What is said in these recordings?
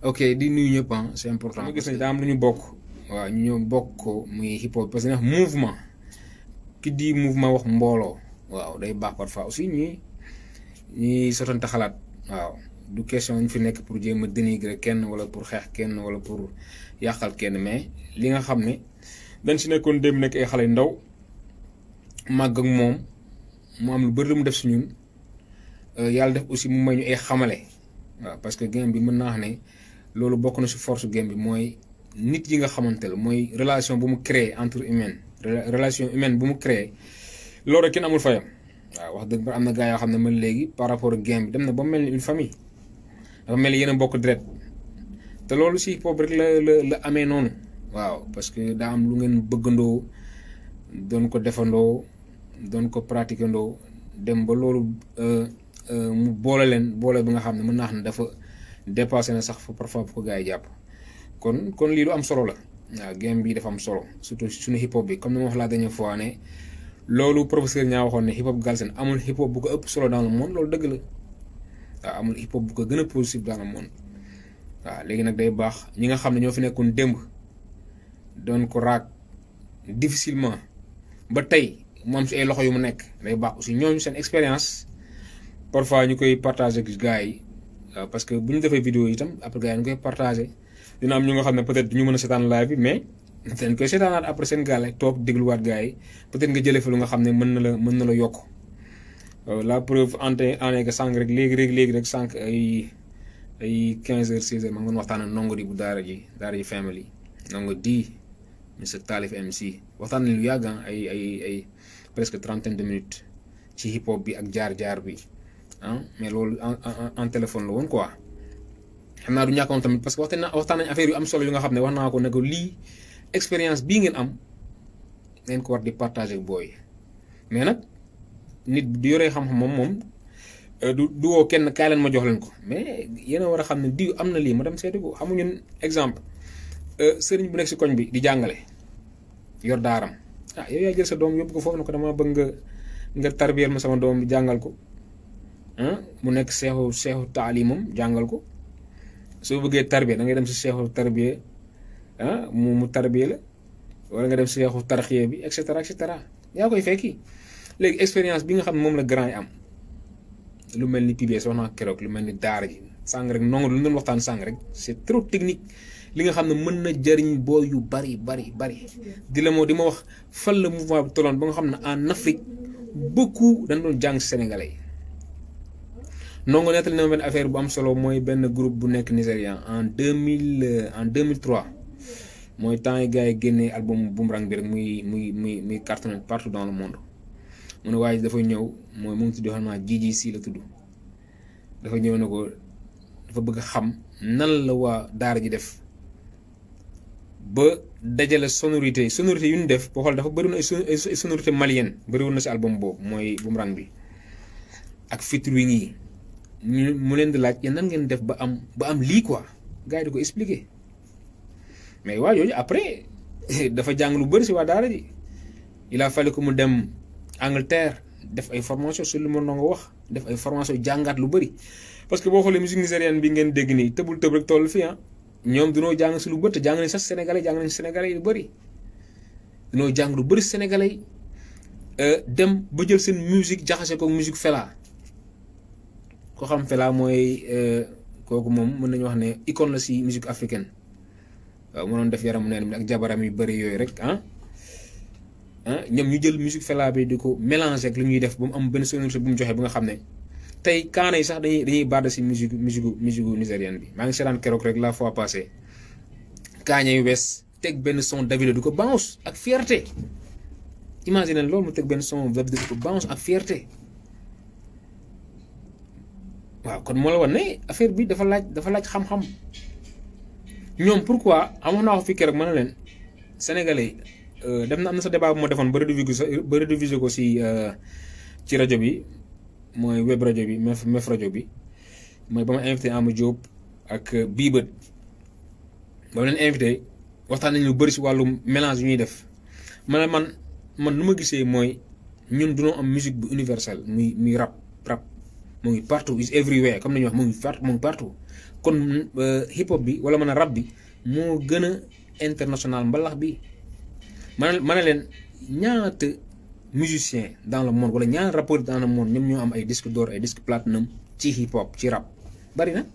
ok di nuyu ñëpp ah c' est important. ma gis nañ daa am lu ñu bokk. waaw ñu bokk ko muy hip hop parce que ndax mouvement ki di mouvement wax mbooloo. waaw day baax parfois aussi ñi ñuy sotante xalaat. waaw du question ñu fi nekk pour jéem a dénigrer kenn wala pour xeex kenn wala pour yàqal kenn mais li nga xam ne dañ si nekkoon dem nekk ay xale ndaw màgg ak moom mu am lu bëri mu def si ñun euh, yàlla def aussi mu may ñu ay xamale. waaw parce que game bi mën naa ne lolu bokku na ci force game bi moy nit yi nga xamantel moy relation bu mu créer entre humain relation humaine bu mu créer lolu amul fayam wah wax deug ba amna gaay yo xamne man legui par rapport game bi dem na ba mel une famille ba mel yene yéen a bokk deret te lolu ci pop rek la la amé non waaw parce que da am lu ngeen beugando don ko defando don ko pratiquando dem ba euh, euh mu bolalen bolé bi nga xamne mën na dafa dépassé na sax parfois bu ko gars japp kon kon lilo am solo la game bi dafa am solo surtout suñu hip hop bi comme ni wax la dernière fois ne professeur ñaa hip hop sen amul hip hop bu ko ëpp solo dans le monde loolu deug la amul hip hop bu ko gëna possible positif dans le monde wa légui nak day bax ñi nga xam ne fi nekkun demb don ko rak difficilement ba tay mom ci ay loxo yu mu nekk day bax aussi ñoñu sen expérience parfois ñukoy partager ak gaay waaw euh, parce que bu ñu defee vidéo yi itam après gars yi ñu koy partagé dina am ñu nga xam ne peut-être ñu mën a seetaan live bi mais dañ koy seetaanaat après seen gaale toog dégluwaat gars yi peut-être nga jëlee fa lu nga xam ne mën na la mën na la yokk euh, la preuve en en que sànq rek léegi léegi léegi rek sànq ay ay 15 heures 16 heures ma nga doon waxtaan ak ndongo di bu daara ji daara ji family ndongo di monsieur Talif MC waxtaan nañ lu yàgg ay ay ay presque trentaine de minutes ci hip bi ak jaar-jaar bi. ah mais loolu en téléphone la woon quoi xam naa du ñàkkoon tamit parce que waxtaan na waxtaan nañ affaire yu am solo yu nga xam ne wax naa ko ne lii expérience bii ngeen am ngeen ko war di partager booy mais nag nit du yoree xam-xam moom moom euh, du du kenn kaay leen ma jox leen ko mais yenn war a xam ne diw am na lii ma dem seeti ko xamuñu exemple euh, sëriñ bu nekk si koñ bi di jàngale yor daaram ah yow yaa jël sa doom yóbbu ko foofu ne ko dama bëgg nga nga tarbiyel ma sama doom bi jàngal ko. mu nek cheikhou cheikhou talimum jangal ko so beugé tarbiya da ngay dem ci cheikhou tarbiya mu mu tarbiya la wala nga dem si seexu tarxiya bi et cetera et cetera ya koy fekki leg experience bi nga xam mom la grand am lu melni ni PBS wax naa lu melni ni daara ji sàng rek nongu lu doon waxtan sang rek c'est trop technique li nga xamne mën na jëriñ bo yu bari bari bari di la moo di ma wax fal le mouvement bi toloon ba nga xamne en Afrique beaucoup dañ doon jang sénégalais nongo nettali na ma benn affaire bu am solo mooy benn groupe bu nekk Nigérian en deux mille euh, en deux mille trois mooy temps yi gars yi génnee album Boomerang bi rek muy muy muy muy carton partout dans le monde mu ne waaye dafa ñëw mooy mu ngi di xam naa Jiji si la tudd dafa ñëw ko dafa bëgg xam nan la waa daara ji def ba dajale sonorité yi sonorité yu ñu def boo xool dafa bëriwoon ay sonorité malienne bëriwoon na si album boobu mooy Boomerang bi ak featuring yi. mu len di laaj ngeen def ba am ba am li quoi gaay di ko expliquer mais wa après dafa jang lu beur si wa daara ji il a fallu ko mu dem Angleterre def ay formation sur le monde nga wax def ay formation jangat lu beuri parce que bo xolé musique nigérienne bi ngeen deg ni teubul teub rek toll fi hein ah. ñom dunoo jang si lu beut jang ni sax sénégalais jang nañ sénégalais lu beuri dunoo jang lu beuri sénégalais euh, dem ba jël sen musique jaxase ko musique fela ko xam Fela mooy euh, kooku moom mën nañu wax ne icône la si musique africaine waaw mënoon def yaramu neen bi ak jabaram yu bari yooyu rek ah. ah ñoom ñu jël musique Fela bi di ko mélanger ak li ñuy def ba mu am benn sonorité bu mu joxe ba nga xam ne tey kaana yi sax dañuy dañuy baada si musique musique musique nigérienne bi maa ngi seetaan keroog rek la fois passée Kanye West teg benn son Davido du ko bounce ak fierté imagine loolu mu teg benn son Davido di ko bounce ak fierté. waaw kon moo la wan ne affaire bi dafa laaj dafa laaj xam-xam ñoom pourquoi amoon naa ko fi keroog ma ne leen sénégalais euh, def na am na sa debaa bu ma defoon ba rediffusé ba rediffusé ko si euh, ci rajo bi mooy web rajo bi mef mef rajo bi mooy ba ma invité Ama Diop ak euh, bii bët ba ma leen invité waxtaan nañu lu bëri si wàllum mélange yu ñuy def ma ne man man nu ma gisee mooy ñun dunoo am musique bu universelle muy muy rap. mo ngi partout is everywhere comme nañu wax mo ngi fat mo ngi partout kon euh, hip hop bi wala mana rap bi mo gëna international mbalax bi man mana len ñaat musicien dans le monde wala ñaata rappeur dans le monde ñom ñu am ay disque d'or ay disque platinum ci hip hop ci rap bari na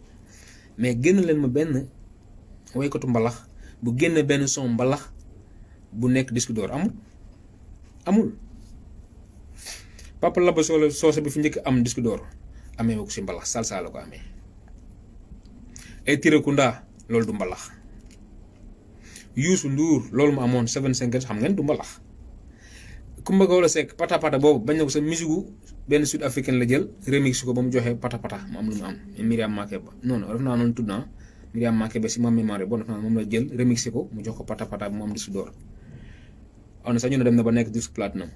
mais génn len ma benn tu mbalax bu génn ben son mbalax bu nek disque d'or amul amul Papa Labo Soose bi fi ñëk am disque d'or ame ko salsa salsalo ko ame e eh, tire kunda lol du mbalax yusu lol mu amone 75 xam ngeen du mbalax kumba gawla sek pata pata bobu bañ nako sa musigu ben sud africain la jël remix ko bam joxe pata pata mu am lu am miriam makeba non non rafna non tudna miriam makeba si mam memoire bon rafna mom la jël remix ko mu jox ko pata pata mu am di sudor on sa ñu dem na ba nek disque platinum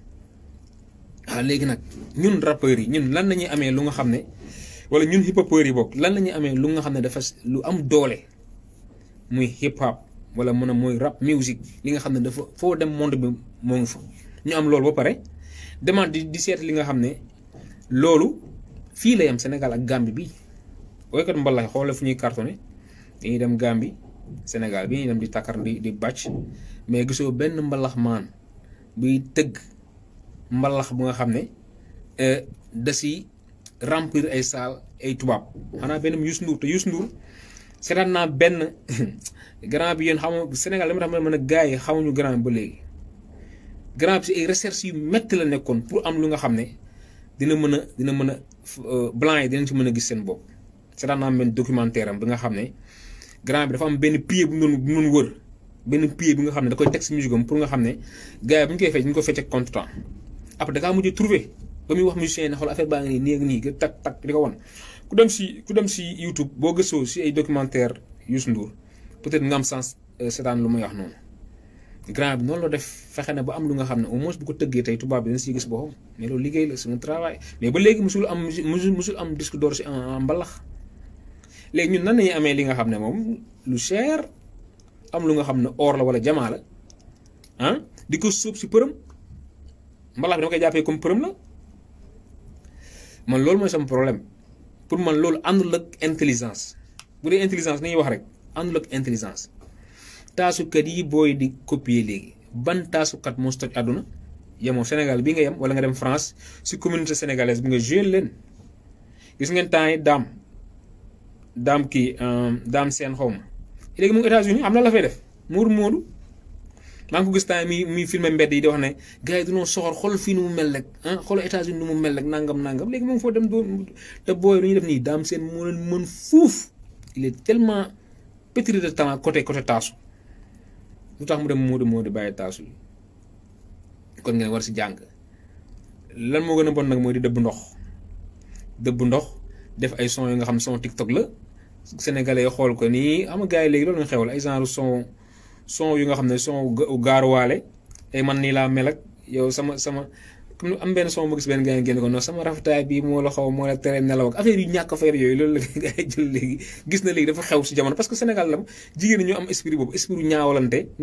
waaw léegi nag ñun rappeurs yi ñun lan la ñuy amee lu nga xam ne wala ñun hip hopeurs yi bokk lan la ñuy amee lu nga xam ne dafa lu am doole muy hip hop wala mën a mooy rap music li nga xam ne dafa foo dem monde bi moo ngi fa. ñu am loolu ba pare demande di di seet li nga xam ne loolu fii lay am Sénégal ak Gambie bi woykat mbalaay xoolal fu ñuy cartonné dañuy dem Gambie Sénégal bi ñuy dem di takkar di di bàcc mais gisoo benn mbalax maan buy tëgg. mbalax bu nga xam ne euh, da si ay saal ay tubaab xanaa benn Youssou Ndour te Youssou Ndour seetaan naa benn grand bi yéen xamoo Sénégal li ma tax ma ne gars yi xamuñu grand ba léegi grand bi si ay recherche yu métti la nekkoon pour am lu nga xam ne dina mën a dina mën a euh, blanc yi dinañ si mën a gis seen bopp seetaan naa benn documentaire am bi nga xam ne grand bi dafa am benn pied bu mu doon bu mu doon wër benn pied bi nga xam ne da koy teg si pour nga xam ne gars yi bu ñu koy fecc ñu après da ngaa mujj trouvé ba muy wax mu yi ne xool affaire baa ngi nii nii nii tak tak li ko wan ku dem si ku dem si YouTube boo gëstoo si ay documentaire Youssou Ndour peut-être nga am sens euh, seetaan lu may wax noonu grand bi noonu la def fexe na ba am lu nga xam ne au moins bu ko tëggee tey tubaab bi dañ gis boppam mais liggéey la c'est un travail mais ba léegi musul am musul musul am disque d'or si en mbalax léegi ñun nan nañu amee li nga xam ne moom lu cher am lu nga xam ne oor la wala jamaa la ah di ko suub si përëm mbalaax bi dama koy jàppee comme përëm la man loolu mooy sama problème pour man loolu àndul ak intelligence bu dee intelligence ni wax rek àndul ak intelligence taasukat yi booy di copier léegi ban taasukat moo si toj àdduna yemoo Sénégal bi nga yem wala nga dem France si communauté sénégalaise bi nga joué leen gis ngeen temps yi daam daam kii euh, daam seen xaw ma léegi mu ngi États-Unis am na la fay def muur moodu maa ngi ko gis temps mi mi filmé mbedd yi di wax ne gars yi dañoo soxor xool fii nu mu mel rek ah xool états nu mu mel rek nangam nangam léegi moom foo dem doo te booy lu ñuy def nii daam seen moo leen mën fuuf il telement tellement de talent côté côté taasu lu tax mu dem Modou Modou bàyyi taasu kon ngeen war si jàng lan moo gën a bon nag mooy di dëbb ndox dëbb ndox def ay son yi nga xam son TikTok la sénégalais xool ko nii am gars yi léegi loolu nga xewal ay genre son. son yu nga xam ne son gaaruwaale ay man nii laa mel ak yow sama sama am benn son ma gis benn gars génn ko non sama rafetaay bi moo la xaw moo la tere nelaw ak affaire yu ñàkk affaire yooyu loolu la gars na léegi dafa xew si jamono parce que Sénégal lam jigéen ñi ñoo am esprit boobu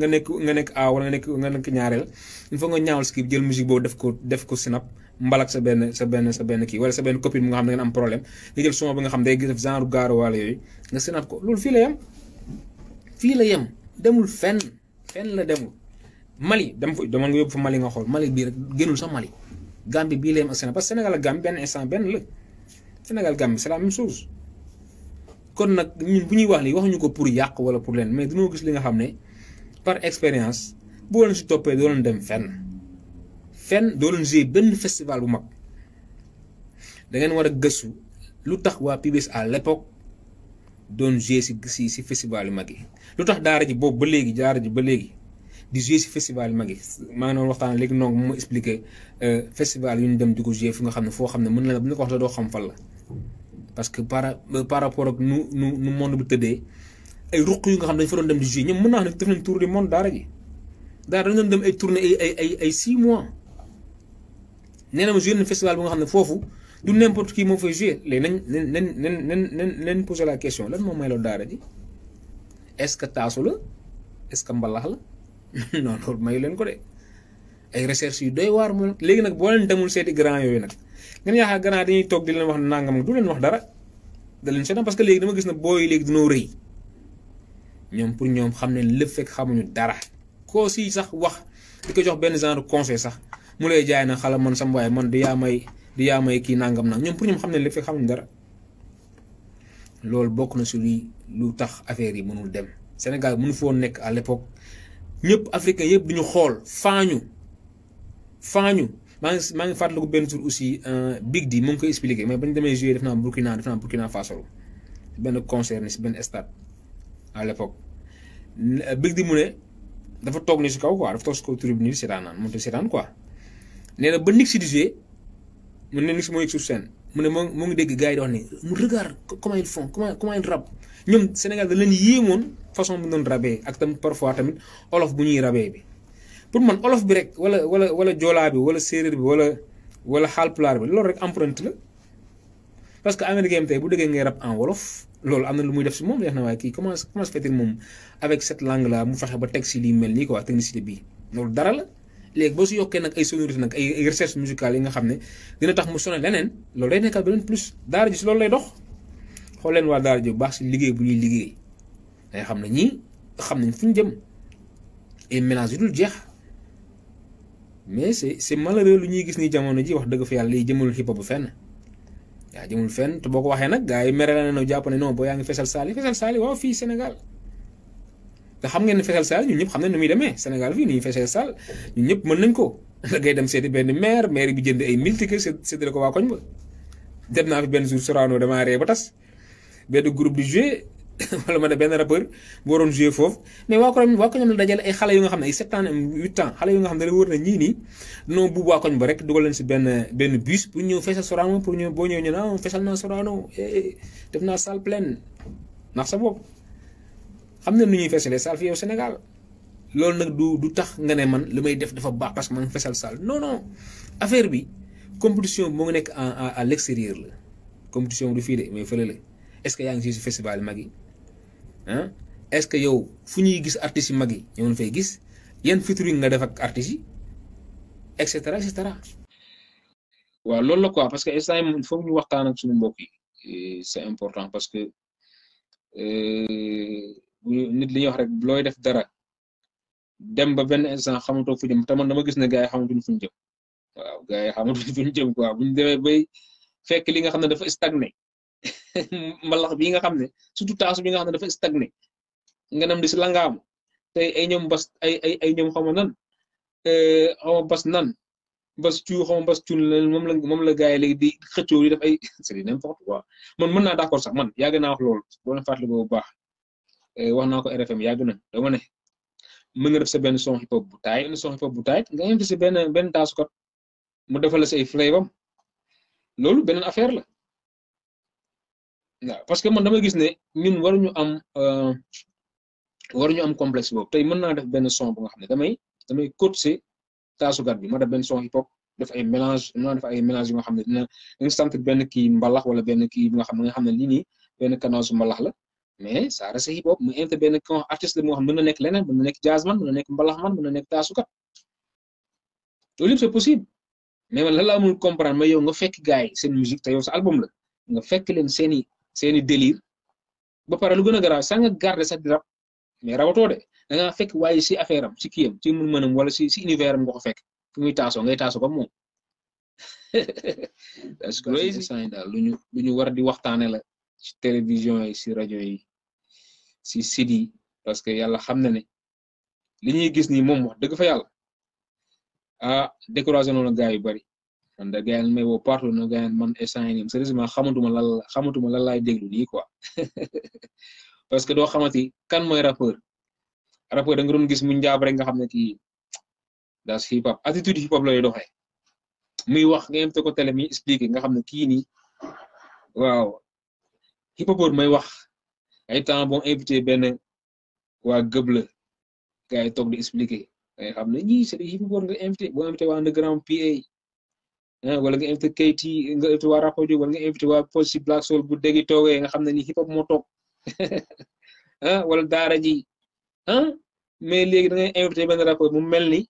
nekk nekk aaw wala nga nekk nga nekk ñaareel il faut nga def ko def ko sinap mbalak sa benn sa benn sa benn kii wala sa benn copine bu nga xam ne ngeen am problème nga jël son bi nga xam day def genre gaaruwaale yooyu nga sinap ko loolu fii la yem fii la yem demul fen fen la demul Mali dama fa dama nga yob fa Mali nga xol Mali bi rek gënul sa Mali Gambie bi la yem Sénégal parce que Sénégal ak Gambie benn instant ben le Sénégal Gambie c'est la même chose kon nak ñun bu ñuy wax li waxuñu ko pour yaq wala pour leen mais dañu gis li nga xamné par expérience bu won si topé do dem fen fen do leen jé ben festival bu mag da ngeen wara a gëstu lu tax à l'époque doon joué si si si festival yu lutax yi daara ji bobu ba léegi daara ji ba léegi di joué si festival yu mag yi maa ngi doon waxtaan léegi noonu euh, festival yu ñu dem di ko joué fi nga xamne fo xamne xam mën na la bu ñu ko wax do xam fal la parce que par euh, par rapport ak nu nu nu monde bu tëddee ay ruq yu nga xamne dañ fa doon dem di jouer ñoom mën naa ne def nañ tour du monde daara ji daara dañ doon dem ay tournée ay ay ay 6 mois néna mo jouer joué festival bu nga xamne fofu du n'importe qui moo fay joué léegi nañ nañ nañ nañ nañ nañ posé la question lan moom may loo daara ji est-ce que taasu la est-ce que mbalax la non loolu mayu leen ko de ay recherche yu doy waar moom léegi nag boo leen demul seeti grand yooyu nag ngeen yaakaar grand dañuy toog di leen wax nangam du leen wax dara da leen seetaan parce que léegi dama gis na booy léegi dinoo rëy ñoom pour ñoom xam ne lépp fekk xamuñu dara koo si sax wax di ko jox benn genre conseil sax mu lay jaay na xala man sama waaye man du yaa may. du yaa may kii nangam nag ñoom pour ñoom xam ne li fi xam dara loolu bokk na si luy lu tax affaire yi mënul dem Sénégal mënu foo nekk à l'époque ñëpp africain yëpp ñu xool faañu faañu maa ngi maa ngi fàttaliku benn tur aussi euh, big di mu ngi koy expliqué mais bañ demee jouer def naa Burkina def naa Burkina Faso benn concert ni si benn stade à l'époque euh, big di mu ne dafa toog ni si kaw quoi dafa toog si kaw tribune bi seetaan moom te mu ne nit mooy sur scène mu ne moo moo ngi dégg gars yi di wax ni mu regarde comment ils font comment comment rab ñoom Sénégal da leen yéemoon façon bu doon rabee ak tam parfois tamit olof bu ñuy rabee bi pour man olof bi rek wala wala wala joolaa bi wala séeréer bi wala wala xaalpulaar bi loolu rek empreinte la parce que américain tey bu déggee ngay rab en wolof loolu am na lu muy def si moom def na waaye kii comment comment se moom avec cette langue là mu fexe ba teg si lii mel nii quoi technicité bii loolu dara la. léegi boo si yokkee nag ay sonorité nag ay recherche musicale yi nga xam ne dina tax mu sone leneen loolu day nekkal beneen plus daara ji si loolu lay dox xool leen waa daara ji bu baax si liggéey bu ñuy liggéey day xam na ñi xam nañ fu ñu jëm ay mélange yu dul jeex mais c'est c'est malheureux lu ñuy gis ni jamono ji wax dëgg fa yàlla yi jëmul hip hop fenn yaa jëmul fenn te boo ko waxee nag gars yi mere la ne jàpp ne non boo yaa ngi fesal fii Sénégal te xam ngeen ne Fesal Sall ñun xam nañ nu muy demee Sénégal fii ni Fesal Sall ñun ñëpp mën nañ ko da ngay dem seeti benn maire maire bi jënd ay mille tickets séddale ko waa koñ ba naa fi benn jour Sorano damaa ba tas benn groupe di joué ne benn rappeur bu waroon joué foofu mais waa koñ waa koñam la dajale ay xale yu nga xam ne ay sept ans huit ans xale yu nga xam ne la wër na ñii nii non buubu waa koñ ba rek dugal leen si benn benn bus pour ñëw Fesal Sorano pour ñëw boo ñëw ñu ne ah Fesal naa Sorano eh, eh, def naa salle pleine ndax sa bopp xam na nu ñuy feesale salle fii yow Sénégal loolu nag du du tax nga ne man li may def dafa baax parce que ma ngi feesal salle non non affaire bi compétition bi moo ngi nekk en à l'extérieur la compétition du fii de mais fële la est-ce que yaa ngi si festival mag yi ah est-ce que yow fu ñuy gis artistes yi mag yi ñoo ngi fay gis yan featuring nga def ak artistes yi et cetera et waaw loolu la quoi parce que instant yii moom foog ñu waxtaan ak suñu mbokk yi c'est important parce que. Euh, nit li ñuy wax rek looy def dara dem ba benn instant xamatoo fu jëm te dama gis ne gars yi xamatuñ fuñ jëm waaw gars yi xamatuñ fuñ fekk li nga xam ne dafa stagné mbalax bi nga xam ne surtout taasu bi nga xam ne dafa stagné nga nam di si langaamu tey ay ñoom bas ay ay ay ñoom xaw ma nan euh, xaw ma bas nan bas cu xaw ma bas cuun la moom la moom la gars yi léegi di xëccoo di def ay c'est n'importe quoi mën naa d'accord sax man yàgg naa wax loolu na fàttali ko bu baax Eh, wax naa ko RFM yàgg na dama ne mën nga def sa benn son hip hop bu taay une son hip hop bu taay nga invité si benn benn taasukat mu defal la say flavor loolu beneen affaire la parce que man dama gis ne ñun waruñu am euh, waruñu am complexe boobu tey mën naa def benn son bu nga xam ne damay damay cote si taasukat bi ma def benn son hip def ay mélange mën naa def ay mélange yu nga xam ne dina dina sant benn kii mbalax wala benn kii bu nga xam nga xam ne lii nii benn canal mbalax la mais ça reste hip hop mu invité kon artiste mo xam mëna nek nekk mëna nek na nekk jazzman mën na nekk mbalaxman mën na nekk taasukat c'est possible mais man la laa mun comprendre mais yow nga fekk gaay sen musique te sa album la nga fekk len seni seni délire ba paré lu gëna a sa nga garder sa drap mais rawato de da nga fekk way ci affaire am si kiyam ci mun mënam wala ci ci univers nga ko fekk ku muy tasso ngay taasoo ba moom. loolu daal lu ñu luñu luñu war di waxtane la ci télévision yi ci radio yi ci CD parce que yalla xamna na ne li ñuy gis ni mom wax deug fa yalla ah découragé noonu gaay yu bari man da gaay may wo partout na gaay man essayer ni sérieusement xamatuuma lan la xamatuma lan lay déglu nii quoi parce que do xamati kan moy rappeur rappeur da nga doon gis mu njaab rek nga xam ki das hip hop attitude hip hop lay doxé muy wax ngeen te ko télé mi expliquer nga xam ki ni waaw. hip hop may wax ay temps bon invité benn waa gëbla gars yi toog di expliquer ngay xam ne ñii c'est hip hop nga invité boo invité waa underground PA ah, wala nga invité KT nga Rapodio wala nga invité waa Post Black Soul bu déggi toogee nga xam ne ni hip hop moo ah, wala daara ji ah, mais léegi da invité benn rapport mu mel ni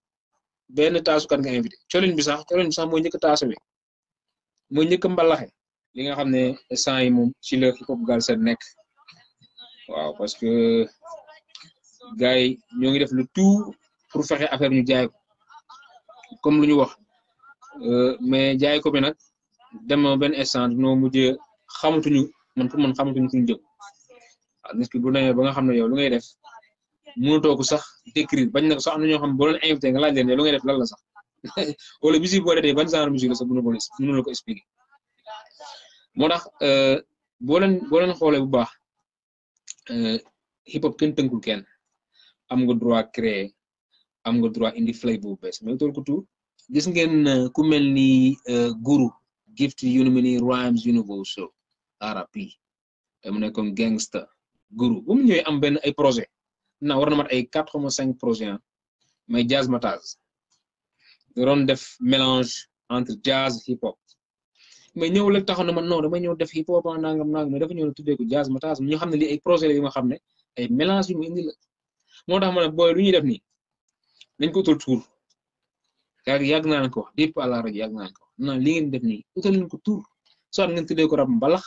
benn taasukat nga invité colin bi sax colin bi moo njëkk a moo njëkk mbalaxe li nga xamné instant yi mom ci la hip hop sa nek waaw parce que gars ñoo ngi def le tout pour fexe affaire ñu jaay ko comme luñu wax euh mais jaay ko bi nak dem na benn instant noo xamatu ñu man pour man xamatu fu ñu jëm waaw ah, nit ki bu demee ba nga xamné yow lu ngay def mënatoo toku sax décrire bañ na sax am ñoo xam bo leen invité nga laaj leen ne lu ngay def lan la sax wala musique bo dee ban genre musique la sax mënu ko mënu la ko expliquer. moo tax euh, boo leen boo leen xoolee bu baax euh, hip hop kenn tënkul kenn am nga droit créé am nga droit indi flavor bu bees mais tool ko tuur gis ngeen euh, ku mel ni guru gift yu ni mel ni rhymes universal RAP mu ne comme gangster guru bu mu ñëwee am benn ay projet na war na mat ay quatre xoma cinq projet mais jazz matage doon def mélange entre jazz hip hop mais ñëw le taxaw na man non damay ñëw def hip hop nangam nangam mais dafa ñëw la tuddee ko jazz ma taas ñu xam ne lii ay projet la yu xam ne ay mélange yu mu indi la moo tax ma ne booy lu ñuy def nii dañ ko utal tuur yaa yàgg naa ko wax dépp àlla yàgg naa ko wax li ngeen def nii utal nañ ko tuur soit ngeen tuddee ko rab mbalax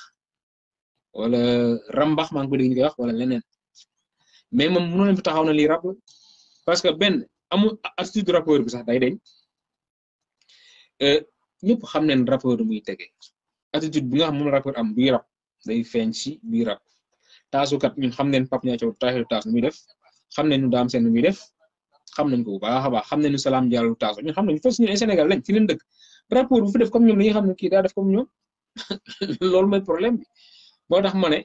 wala rambax maa ngi ko dégg ñu wala leneen mais moom mënoo leen taxaw na lii rab parce que benn amul attitude rappeur bi sax day deñ euh, ñëpp xam nañ rappeur muy tege attitude bi nga xam moom rappeur am buy rap day feeñ si buy rap taasukat ñun xam neen Pape Niakhou taaxil taas muy def xam nañ ñu muy def xam nañ ko bu baax a baax xam nañ ñu salaam jàllu taas ñun xam nañ fas ñu ay Sénégal lañ ci leen dëkk rappeur bu fi def comme ñoom dañuy xam ne loolu mooy problème bi moo tax ma ne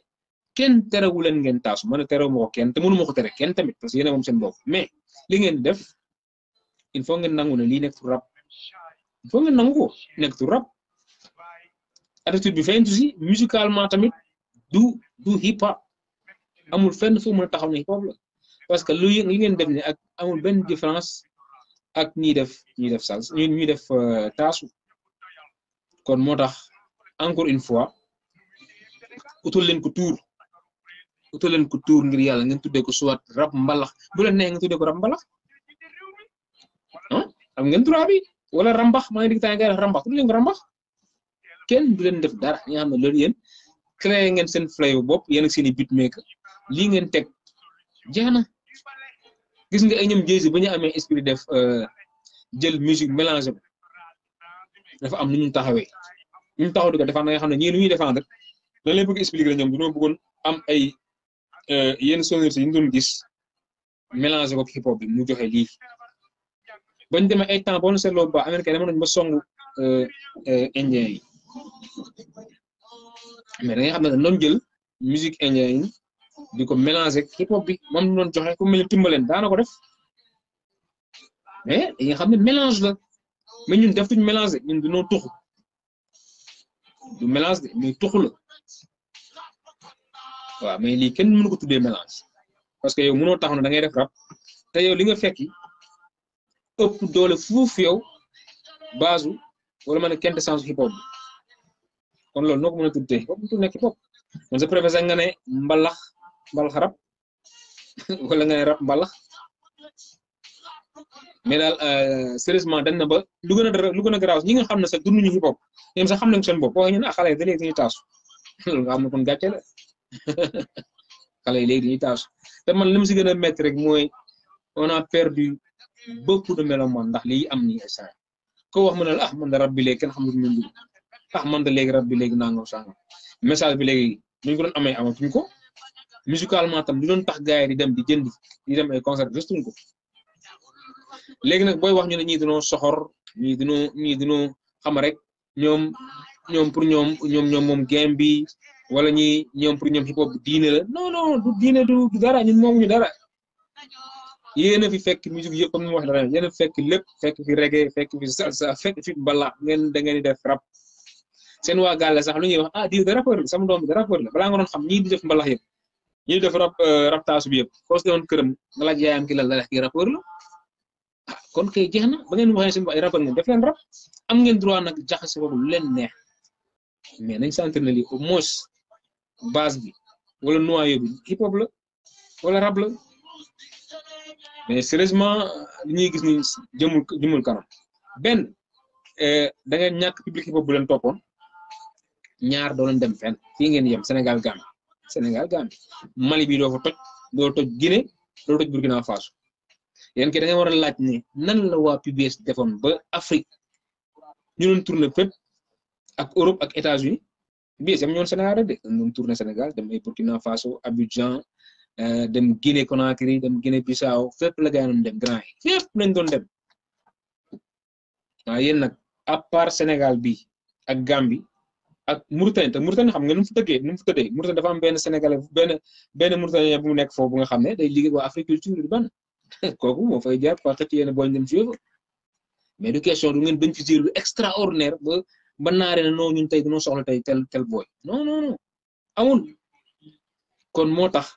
kenn terewu leen ngeen taasu ma ne terewu ma ko kenn te mënu ma ko tere kenn tamit parce que yéen a moom bopp mais li ngeen def il faut ngeen nangu ne lii fonga nga nangu ko tu rap attitude bi fentu si musicalement tamit du du hip hop amul fenn foo meuna taxaw ni hip hop parce que lu li ngeen def ni ak amul ben différence ak ni def ni def sans ñu ñu def euh, tasu kon motax encore une fois utul len ko tour utul len ko tour ngir yalla ngeen tuddé ko soit rap mbalax bu len né nga tuddé ko rap mbalax ah am ngeen droit bi wala rambax ma ngi dig rambax lu ngi rambax ken du len def dara ñi ya, nga xam yeen créé ngeen seen flay bop yeen ak seen beat maker li ngeen tek jeena gis nga ay ñam jéesi ba ñu esprit def eh, jël musique mélanger dafa am ñu taxawé ñu taxaw du ko nga ñuy défendre da lay bëgg expliquer du no bëggoon am ay yeen sonorité ñu doon gis mélanger ko hip hop bi mu joxé li bañ demee ay temps boo nu seetloo ba américain dama nañ ba songu euh, euh, indien yi mais da ngay xam ne noonu jël musique indien yi di ko mélanger hip hop bi moom ñu doon joxe ku mel ni timbaleen daana ko def mais nga xam ne mélange la mais ñun def tuñ mélanger ñun dañoo tuxu du mélange de mais tuxu la waaw mais lii kenn mënu ko tuddee mélange parce que yow mënoo taxaw ne da ngay te yow li nga ëpp doole fuuf yow baasu wala ma ne quintessence hip hop kon loolu no ko mën a tuddee hip hop du sa préféré sax nga ne mbalax mbalax rap wala nga ne rap mbalax mais daal euh, sérieusement dañ na ba lu gën a lu gën a garaaw ñi nga xam ne sax dunduñu hip hop ñoom sax xam nañ seen bopp waaye ñun ah xale yi léegi dañuy ne kon xale yi léegi dañuy taasu te man li mu si gën a métti rek mooy o a perdu. du de man ndax li am ni instant ko wax mu ne la ah man de rab bi léegi xamul ñu ah man da léegi rabbi bi na nga sangam message bi legi ñu ko doon am amatuñ ko musicalement tam li doon tax gaay di dem di nyom di dem ay concert nyom ko legi nak boy wax ñu ne ñi soxor ñi ñi xam rek ñom ñom pour ñom ñom ñom mom game bi wala ñi ñom pour ñom hip hop diine la non non du diine du dara ñun ñu dara yéen a fi fekk musique yëpp comme ni wax dara yéen a fekk lépp fekk fi reggae fekk fi salsa fekk fi bala ngeen da ngeen di def rap seen waa gàlle sax lu ñuy wax ah diw da rappeur sama doom da rappeur la balaa nga doon xam ñii di def mbalax yëpp ñii di def rap euh, rap taasu bi yëpp koo si doon këram nga laaj yaayam ki la la ki rappeur la ah, kon kay jeex na ba ngeen waxee seen ay rappeur ngeen def leen rap am ngeen droit nag jaxase boobu lu leen neex mais nañ sentir ne lii au moins base bi wala noyau bi hip hop la wala rap la. mais sérieusement li ñuy gis ni jëmul jëmul kanam benn eh, da ngeen ñàkk public yi leen toppoon ñaar doon leen dem fenn fii ngeen yem senegal Gambie senegal Gambie Mali bi doo fa toj doo toj Guinée doo toj Burkina Faso yéen ki da war laaj ni nan la waa PBS defoon ba Afrique ñu doon tourné fépp ak Europe ak États-Unis PBS yam ñoon senegal de ñu doon tourné Sénégal dem ay Burkina Faso Abidjan Eh, dem Guinée Conakry dem Guinée Bissau fépp la gaa doon dem grand yi fépp lañ doon dem waaw yéen nag à part Sénégal bi ak Gambie ak Mauritanie te Mauritanie xam nga nu mu fa tëggee nu mu fa tëddee Mauritanie dafa am benn Sénégalais benn benn Mauritanien bu mu nekk foofu bu nga xam ne day liggéey waa agriculture du ban kooku moo fay jaar parce que yéen booñ dem si mais du question du ngeen bénéficier lu extraordinaire ba ba naaree na non ñun tey dañoo soxla tey tel tel booy non non amul kon moo tax.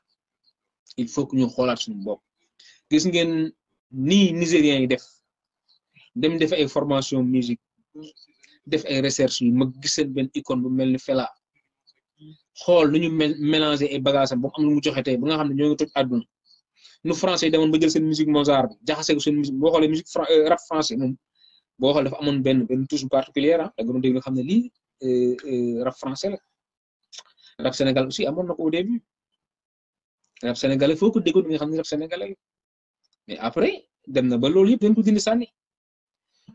il faut que ñu xoolaat suñu bopp gis ngeen nii nigériens yi def dem def ay formation musique def ay recherche yu mag gis seen benn icône bu mel ni Fela xool nu ñu mélanger ay bagages am ba am lu mu joxe tey ba nga xam ne ñoo ngi toj àdduna nu français yi demoon ba jël seen musique Mozart bi jaxase ko seen musique boo xoolee musique euh, rap français moom boo xoolee dafa amoon benn benn touche particulière ah da nga ne lii euh, euh, rap la amoon na ko au début. rap sénégalais foo ko déggoon nga xam ne rap sénégalais mais après dem na ba loolu yëpp dañ ko dindi sànni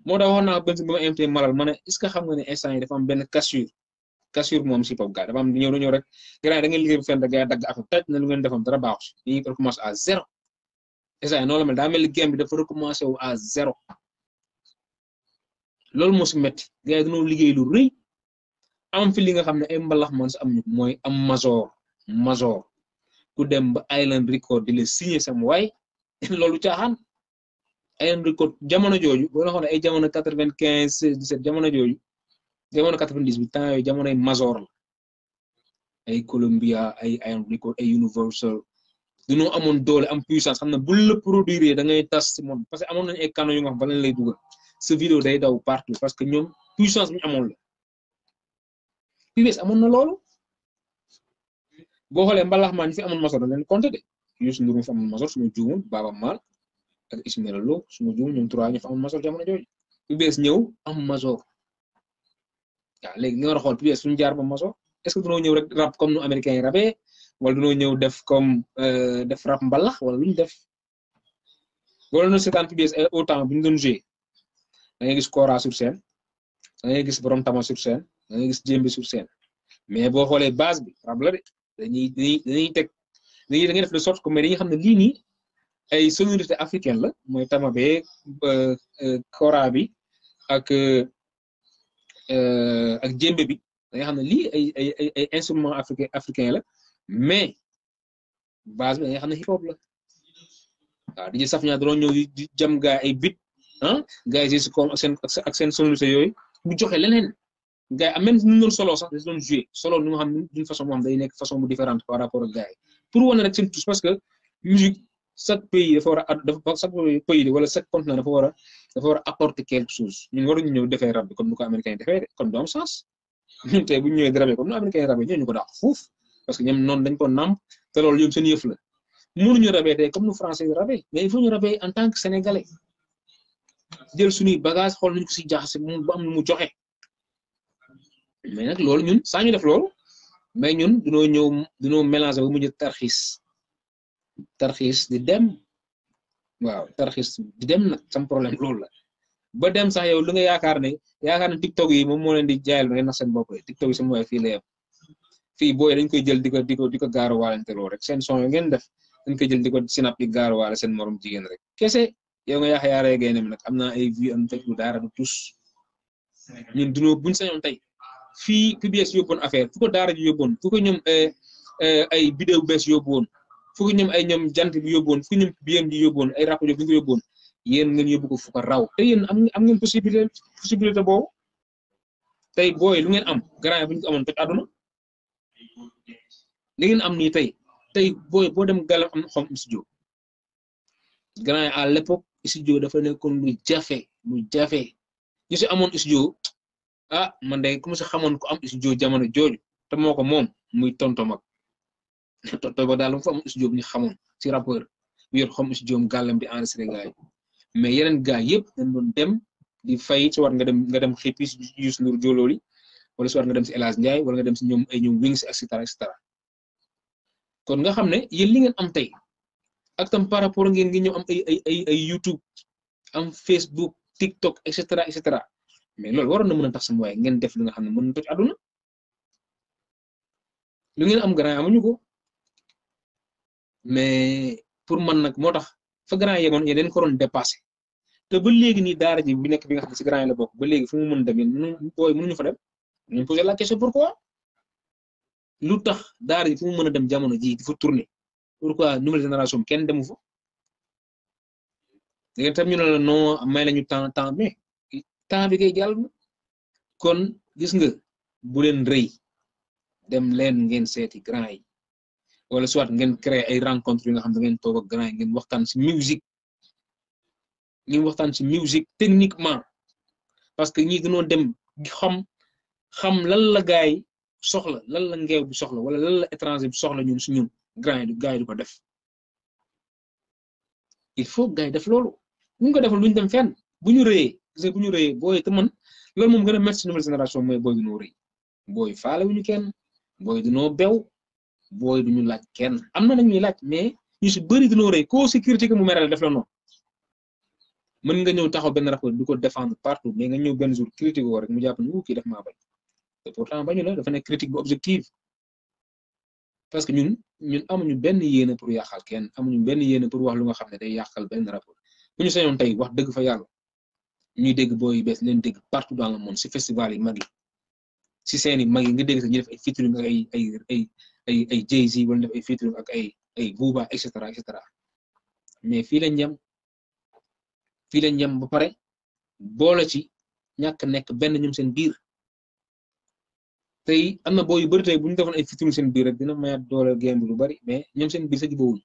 moo tax wax naa benn si ba ma invité malal ma ne est ce xam nga ne instant am benn cassure cassure moom si pop gars dafa am ñëw na ñëw rek gars da ngeen liggéey bu fenn rek gars dagg affaire taj na lu ngeen defam dara baaxu daa mel ni bi dafa recommencer wu à loolu moo si métti gars yi liggéey lu rëy am fi li nga xam ne ay mbalax man sa am ñu mooy am major major ku dem ba Island Record di la signé sam waay loolu caaxaan Island Record jamono jooju boo na ay jamono quatre vingt quinze dix-sept jamono jooju jamono quatre vingt dix bi temps yooyu jamonoy Mazor la ay Columbia ay Island Record ay Universal dañoo amoon doole am puissance xam ne bu la produire da ngay tas si moom parce que amoon na ay canaux yu la xam ba leen vidéo day daw partout parce que ñoom puissance bi ñu la PBS amoon na loolu boo xoolee mbalax maan yi fi amoon masoro leen compté de Youssou Ndour mu fi amoon masoro su ma juumul Baaba Maal ak Ismaël Lo su ma juumul ñoom trois ñu fi amoon masoro jamono jooju UBS ñëw am maso waaw léegi nga war a xool UBS suñu jaar ba maso est-ce que dunoo ñëw rek rap comme nu américains yi rabee wala dunoo ñëw def comme euh, def rap mbalax wala lu ñu def boo doon seetaan UBS euh, au temps bu ñu doon joué da ngay gis Kora sur scène da ngay gis Borom Tama sur scène da ngay gis Jémbi sur scène mais boo xoolee base bi rap la de. dañuy dañuy dañuy teg dañuy da def de sorte que mais dañuy xam ne lii nii ay sonorité africain la mooy tamabe euh, euh, kora bi ak euh, ak jembe bi da xam ne li ay ay instrument africain la mais base bi nga xam ne hip hop la waaw di saf ñaa doon ñëw di jam gaa ay bit ah gaa sonorité yooyu mu leneen. gars yi même nu ñu doon solo sax dañu doon joué solo nu xam ne façon boo xam day façon bu différente par rapport ak gars yi pour rek seen touche que musique chaque pays dafa war a dafa chaque pays wala chaque continent dafa war a dafa war quelque chose ñun waruñu ñëw defee rab bi comme ni ko américain yi defee comme du am sens ko daax fuuf parce que ñoom noonu dañ ko nàmp te loolu yëpp seen yëf la mënuñu rabee tey comme nu français yi rabee mais il ñu rabee en tant que sénégalais jël bagage xool nañu ko si jaaxase ba am lu mu joxe mais nag loolu ñun saa ñu def loolu mais ñun dunoo ñëw dunoo mélanger ba mujj tarxiis tarxiis di dem waaw tarxiis di dem nag sam problème loolu la ba dem sax yow lu nga yaakaar ne yaakaar ne tiktok yi moom moo leen di jaayal lu ngeen nax seen bopp tiktok yi sama waay fii la yem fii koy jël di ko di ko di ko gaaruwaalante loolu rek seen son yo ngeen def dañ koy jël diko ko sinap di gaaruwaale seen morom jigéen rek kese yow nga yaakaar yaaree gaynde mi nag am naa ay vues am fekk lu du tus ñun dunoo buñ sañoon tey fii ku bees yóbboon affaire fu ko daara ji yóbboon fu ko ñoom eh, eh, ay bidéo bees yóbboon fu ko ñoom ay ñam jant bi yóbboon fi ko ñoom biyam ji yóbboon ay ràqu bi ko yóbboon yéen ngeen yóbbu ko fu ko raw te yéen am am ngeen possibilité possibilité boobu tey booy lu ngeen am grand bu ñu ko amoon toj àdduna ngeen am nii tey tey booy boo dem gàllam am xom studio grand à l'époque studio dafa nekkoon lu jafe lu jafe ñu si amoon studio ah man day ku ma sa xamoon ku am studio jamono jooju te moko mom muy tonto mak tonto ba dalu mu fa am si rappeur wir xam di enregistré gars yi mais yenen gaay dañ dem di fay ci war nga dem nga dem xippi Youssou Ndour joolooli wala si war nga dem si El ndjay wala nga dem ci ñom ay ñom Wings et cetera et cetera kon nga xamne ne li ngeen am tay ak tam par rapport ngeen gi ñu am ay ay ay ay YouTube am Facebook TikTok et cetera et cetera. mais loolu waroon na mën a tax sama waaye ngeen def li nga xam ne mën na toj àdduna lu ngeen am grand amuñu ko mais pour man nag moo tax fa grand yemoon yéen dañ ko doon dépassé te ba léegi nii daara ji bi nekk bi nga xam si grand yi la bokk ba léegi fu mu mën dem yéen mënuñu booy mënuñu fa dem ñu posé la question pourquoi lu tax daara ji fu mu mën a dem jamono ji di fa tourner pourquoi nouvelle génération kenn demu fa léegi tam ñu ne la non may lañu temps temps temps bi kay jàll kon gis nga bu leen rëy dem leen ngeen seeti grand yi wala soit ngeen créer ay rencontre yi nga xam ne ngeen toog ak grand ngeen waxtaan si musique waxtaan ci musique techniquement parce que ñi gënoo dem xam xam lan la gaay soxla lan la ngeew bi soxla wala lan la étranger bi soxla ñun su ñun grand yi du gaay du ko def il faut gaay def loolu bu ñu ko defal luñ dem fenn bu ñu rëyee gisee bu ñu rëyee booy te man loolu moom gën a métti nouvelle génération mooy booy dunoo rëy booy faale wuñu kenn booy dunoo bew booy duñu laaj kenn am na nañuy laaj mais ñu si bëri dunoo rëy koo sécurité mu merale def la noonu mën nga ñëw taxaw benn rapport du ko défendre partout mais nga ñëw benn jour critique woo rek mu jàpp ne wuu kii daf maa bañ te pourtant bañu la dafa nekk critique bu objective parce que ñun ñun amuñu benn yéene pour yàqal kenn amuñu benn yéene pour wax lu nga xam ne day yàqal benn rapport bu ñu sañoon tey wax dëgg fa yàlla ñu dégg booy yu bees leen dégg partout dans le monde si festival yi mag yi si seeni mag yi nga dégg sax ni def ay featuring ay ay ay ay ay Jay-Z def ay featuring ak ay ay Booba et cetera et cetera mais fii lañ yem fii lañ yem ba pare boole ci ñàkk nekk benn ñoom seen biir tey am na booy yu bëri tey bu ñu defoon ay featuring seen biir rek dina mayaat doole game lu bari mais ñoom seen biir sax jubóowuñ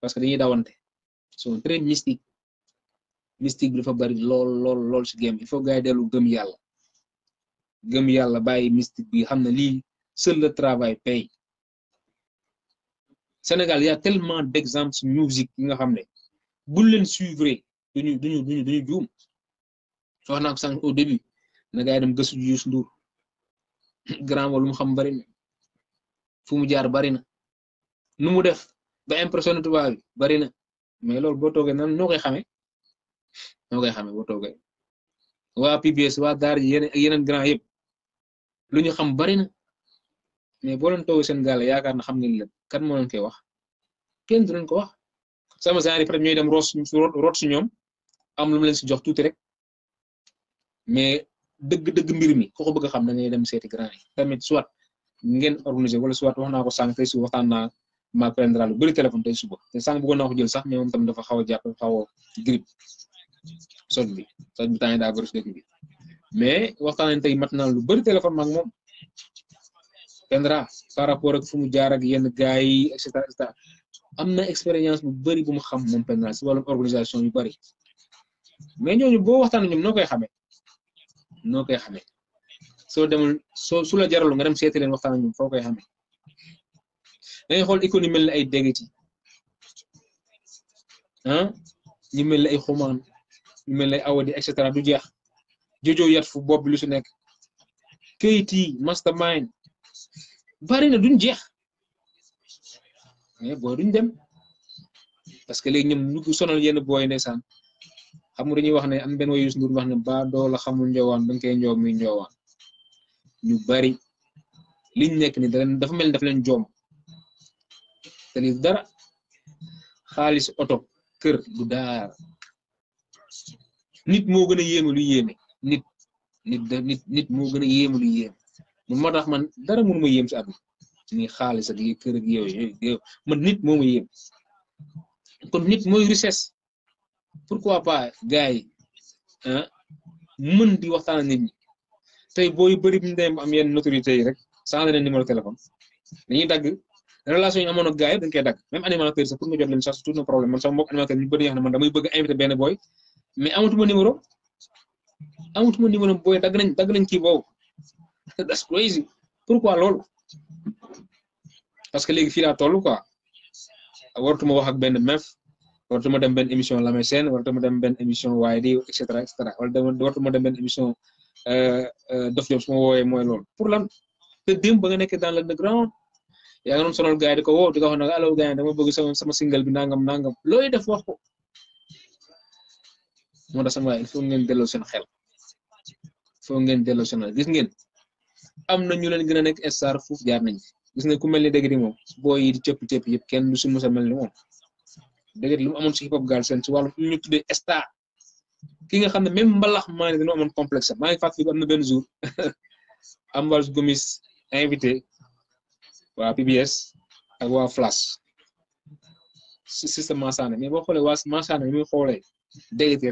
parce que dañuy dawante sont très mystique mystique bi dafa bari ci game il faut gars le gëm yalla gëm mystique bi ne seul le travail paye Sénégal y a tellement d'exemples musique yi nga Vous ne suivre duñu duñu duñu duñu au début na gars dem grand xam bari na fu jaar bari na def ba bari na mais loolu bo nan xamé dama koy xamee boo toogee waa PBS waa Daara ji yeneen yeneen grand yëpp lu ñu xam bari na mais boo leen toogee seen gaal yaakaar na xam ngeen leen kan moo leen koy wax kenn du leen ko wax sama genre peut-être dem root su root si ñoom am lu mu si jox tuuti rek mais dëgg dëgg mbir mi ku ko bëgg a xam da ngay dem seeti grand yi tamit soit ngeen organisé wala soit wax naa ko sànq tey suba waxtaan naa maa prendra lu bëri téléphone tey suba te sànq bëggoon naa ko jël sax mais moom tam dafa xaw a jàpp xaw soj bi soj bi temps daa bëri si bi mais waxtaan nañ tey mat naa lu bari téléphone mag moom Kendra par rapport ak fu mu jaar ak yenn gars yi et am na expérience bu bari bu mu xam moom Pendra si wàllum organisation yu bari mais ñooñu boo waxtaan ñoom noo koy xamee noo koy xamee soo demul soo su la jaraloo nga dem seeti leen waxtaan ñoom foo koy xamee dañuy xool économie mel ni ay dégg ah ñu mel ni ay xumaan. yu mel ne awadi et cetera du jeex jojo yat fu bopp lu su nek kayit mastermind bari na duñ jeex mais bo duñ dem parce que léegi ñoom ñu sonal yenn boy ndeysaan xam nga dañuy wax ne am ben wayus ndur wax ne ba do la xamu njoowaan dañ koy njoow mi njoowaan ñu bari liñ nek ni dafa mel daf leen jom te dara khalis auto keur du daara nit moo gën a yéeme lu yéeme nit nit da nit nit moo gën a yéeme lu yéeme mun moo tax man dara mënu ma yéem si àdduna ni xaalis ak yi kër ak yooyu man nit moo ma yéem kon nit mooy richesse pourquoi pas gars mën di waxtaan nit ñi tey booy bëri bu ñu am yenn yi rek changé na numéro téléphone dañuy dagg relation amoon ak gars dañ koy dagg même animateur sax pour nga jot leen sax surtout na problème man sax mbokk animateur a bëri yoo xam ne man damay bëgg invité benn booy mais amatuma numéro amatuma numéro booy dagg nañ dagg nañ kii boobu that's crazy pourquoi loolu parce que léegi fii laa toll quoi wax ak benn meuf wartuma dem benn émission Lamé Sène wartuma dem benn émission waaye di et cetera et cetera wala wartuma dem benn émission euh, euh, Dof Diop su ma woowee mooy loolu pour lan te démb ba nga nekk dans le grand yaa nga doon sonal gars yi di ko woo di ko wax nag dama bëgg sama sama single bi nangam nangam looy def wax ko. moo tax sama il faut ngeen delloo seen xel foo ngeen delloo seen xel gis ngeen am na ñu leen gën a nekk star fuuf jaar nañ gis nga ku mel ni dëgg moom boo yi di cëpp cëpp yëpp kenn du si musa mel ni moom dëgg lu mu amoon si hip hop gaal seen si wàllu ñu tuddee star ki nga xam ne même mbalax maa ne dañoo amoon complexe maa ngi fàttali am na benn jour Ambal Gomis invité waa PBS ak waa Flash si système Massaane mais boo xoolee waa Massaane mi muy xoolee dégg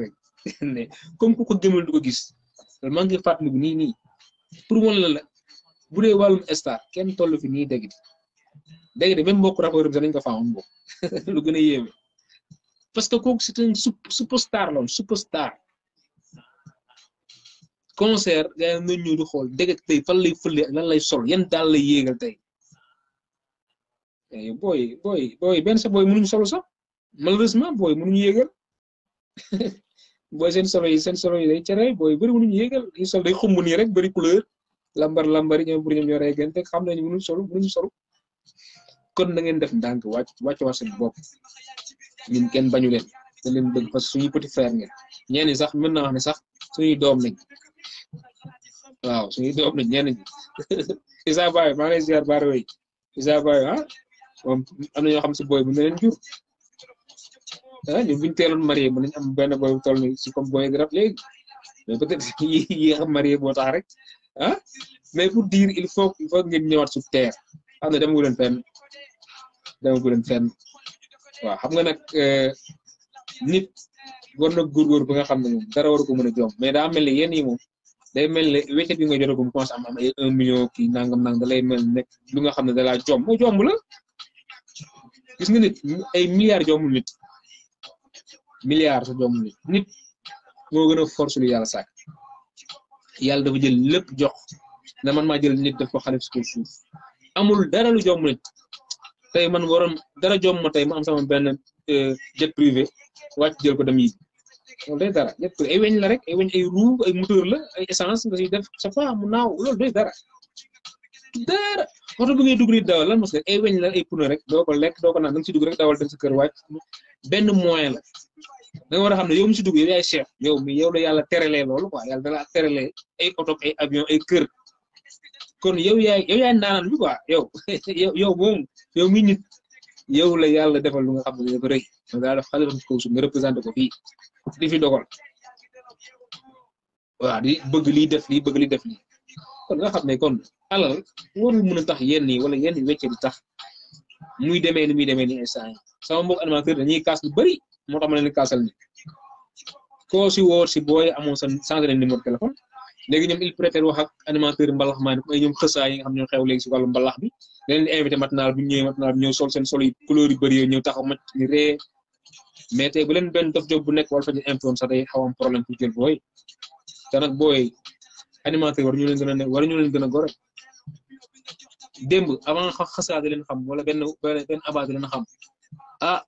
ne comme ku du ko gis maa ngi fàttali nii nii pour wan la la bu dee wàllum star kenn toll fi nii dégg dégg nga même mbokk rapport bi sax dañ ko faamoon bokk lu gën a yéeme parce que kooku c'est un superstar loon superstar concert gaa yi ñëw xool dégg tey fan lay fële lay sol yan daal lay yéegal tey eh, booy booy booy benn sa booy mënuñu solo sax malheureusement booy booy seen solo yi seen solo yi day cere booy bëri mënuñu yéegal dañuy sol day xumb nii rek bëri couleur lambar lambar yi ñoom pour ñoom yoree gën te xam nañu mënuñu solo mënuñu solo kon na ngeen def ndànk wàcc wàcc waa seen bopp ñun ken bañu leen te leen bëgg parce que suñuy petit frère ngeen ñeen sax mën naa wax ne sax suñuy doom lañ waaw suñuy doom lañ ñeen ñi Isa Baye maa ngi lay ziar baar wey Isa Baye ah moom am na ñoo xam si booy bu ne jur ah ñun bu ñu teeloon marié mën nañu benn boy bu toll nii si comme boy grave léegi mais peut être yi xam tax rek ah mais pour dire il faut il faut ngeen ñëwaat su teer xam ne demagu leen fenn demagu leen fenn waaw xam nga nag euh, nit war na góorgóor bi nga xam ne moom dara war ko mën a joom mais daa mel ni yenn yi moom day mel ne wéccet yi nga jot ko mu commencé am am ay un million kii nangam nang da lay mel nekk lu nga xam ne da laa joom mooy jomb la gis nga nit milliards joomul nit. milliard sa doomu nit moo gën a force lu yàlla sàkk yàlla dafa jël lépp jox na man maa jël nit daf ko xalif suuf amul dara lu jomb nit tey man waroon dara jomb ma tey ma am sama benn euh, jet privé wàcc jël ko dem yi loolu day dara jet privé ay weñ la rek ay weñ ay roue ay moteur la ay essence nga siy def sa dara dara oto bu ngay dugg nit dawal lan mos nga ay weñ la ay pneu rek doo ko lekk doo ko naan da si kër wàcc benn moyen la da nga war a xam ne yow mi si dugg yow yaay chef yow mi yow la yàlla terelee loolu quoi yàlla dala terelee ay oto ay avion ay kër kon yow yaay yow yaay naanaan yow yow yow mi nit yow la yàlla defal lu nga xam ne dafa rëy man daal dafa xale ba ko suuf nga représenté fi dogal waaw di bëgg lii def lii bëgg lii def kon alal warul mën tax yenn yi wala yenn wéccé di tax muy démé ni muy démé ni instant sama mbokk animateur dañuy kaas lu bari mo tax ma leen kaasal ni ko si wor si boy amo sa changé leen numéro téléphone légui ñom il préfère wax ak animateur mbalax maa ko ñom xessa yi nga xam ñoo xew légui ci walu mbalax bi daleen di inviter matinal bu ñëw matinal ñëw sol sen solo yi couleur yu bari yooyu ñëw taxaw mac ni ré mais tey bu leen ben dof job bu nek wala faji infom sax day xawam problème pour jël boy té nak boy animateur war ñu leen gëna war ñu leen gëna a gore démb avant xasaade leen xam wala benn benn abaade leen xam ah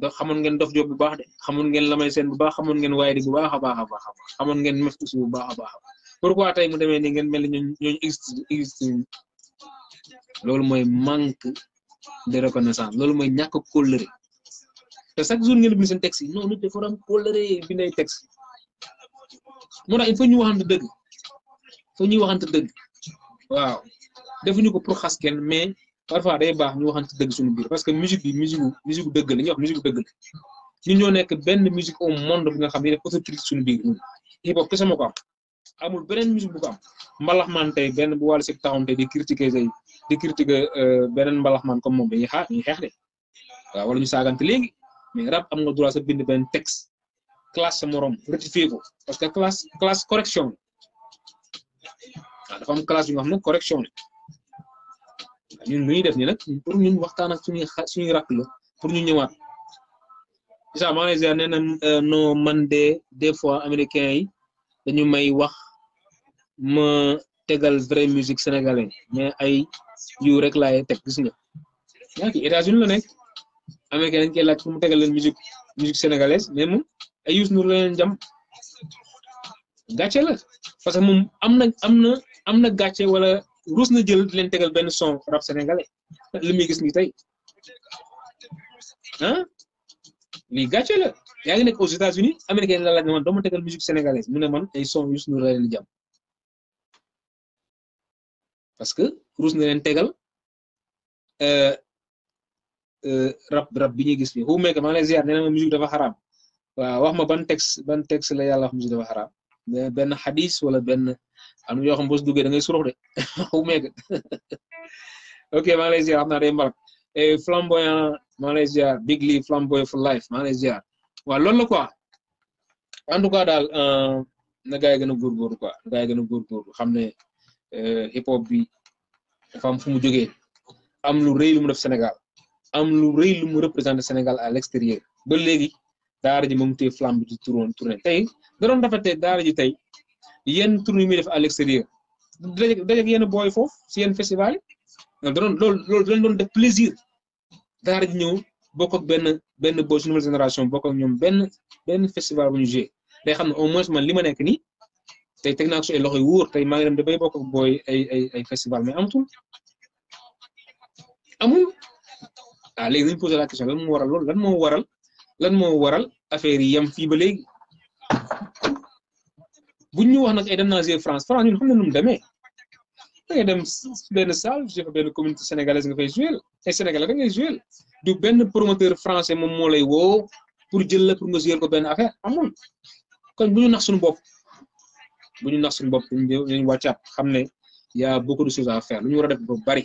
do xamoon ngeen dof job bu baax de xamoon ngeen lamay seen bu baax xamoon ngeen waay di bu baax baax a xamoon ngeen mef usu bu baax a baax pourquoi tey mu demee ni ngeen mel ni ñooñu ñooñu existe existe loolu mooy manque de reconnaissance loolu mooy ñàkk kóllëre te chaque jour ngeen bind seen texte yi non nit dafa am kóllëre bi nay texte moo tax il faut ñu waxante dëgg il ñuy waxante dëgg waaw defuñu ko pour xas kenn mais parfois day baax ñu waxante dëgg suñu biir parce que musique bi musique gu musique gu dëgg la ñuy wax musique ñoo nekk benn musique au monde bi nga xam ne def autocritique suñu biir ñun hip hop ko am amul beneen musique bu ko am mbalaxmaan tey benn bu wàllu si taxawoon tey di critiquer tey di critiquer euh, beneen mbalaxmaan comme moom dañuy xaar dañuy xeex de waaw wala ñu saagante léegi mais rap am nga droit sa bind benn texte classe sa morom rectifié parce que classe classe correction la waaw dafa am classe bi nga xam ne correction la. ñun lu ñuy def ni nag pour ñun waxtaan ak suñuy xa suñuy rakk la pour ñu ñëwaat isa maa ngi lay ziar nee na euh, non man de des fois américains yi dañu may wax ma tegal vraie musique sénégalais mais ay yu rek laay teg gis nga yaa États-Unis la nekk américain dañ koy laaj pour mu tegal leen musique musique sénégalaise mais moom ay Youssou Ndour la leen jam gàcce la parce que moom am na am na am wala. ruus na jël di leen tegal benn son rap sénégalais li muy gis ni tey ah lii gàcce la yaa ngi nekk aux États-Unis américain la laaj ne man doo tegal musique sénégalaise mu man ay son yu suñu réel jàmm parce que ruus na leen tegal euh, euh, rap rap bi ñuy gis fii xuu meeke maa ngi lay ziar ma musique dafa xaraam waaw wax ma ban texte ban texte la yàlla wax musique dafa xaraam benn xadis wala benn am na yoo xam boo si duggee da ngay de xaw ok maa ngi lay ziar xam naa day mbarak eh, flamboy for life maa ngi lay ziar waaw loolu la quoi tout cas daal euh, na gaa yi gën a góorgóorlu quoi na gaa yi gën a xam ne euh, hip hop bi dafa am fu mu jógee am lu rëy lu mu def am lu rëy lu mu représenté Sénégal à daara ji moom te flamme bi di turoon tey da doon rafetee daara ji tey yenn tournée yi muy def à l'extérieur dajeeg dajeeg yenn booy foofu si yenn festival yi da loolu loolu da def plaisir daara ji ñëw bokk ak benn benn booy su nouvelle génération bokk ak ñoom benn benn festival bu ñu day xam ne au moins man li ma nekk nii tey teg naa loxo yu tey maa ngi dem dafay bokk ak booy ay ay ay festival mais amatul amul ah léegi dañu posé la question lan moo waral loolu lan moo waral. lan mo waral affaire yi yam fi ba legi buñ ñu wax nak ay dem naa France France ñun xamna ñum démé mu dem ben sal je fa benn communauté sénégalaise nga fay jouer ay sénégalais da ngay jouer du ben promoteur français mom mo lay wo pour jël la pour nga jouer ko ben affaire amul kon buñu nax suñu bop buñu nax suñu bop ñu wacciat xamné ya beaucoup de choses à faire ñu wara def ba bari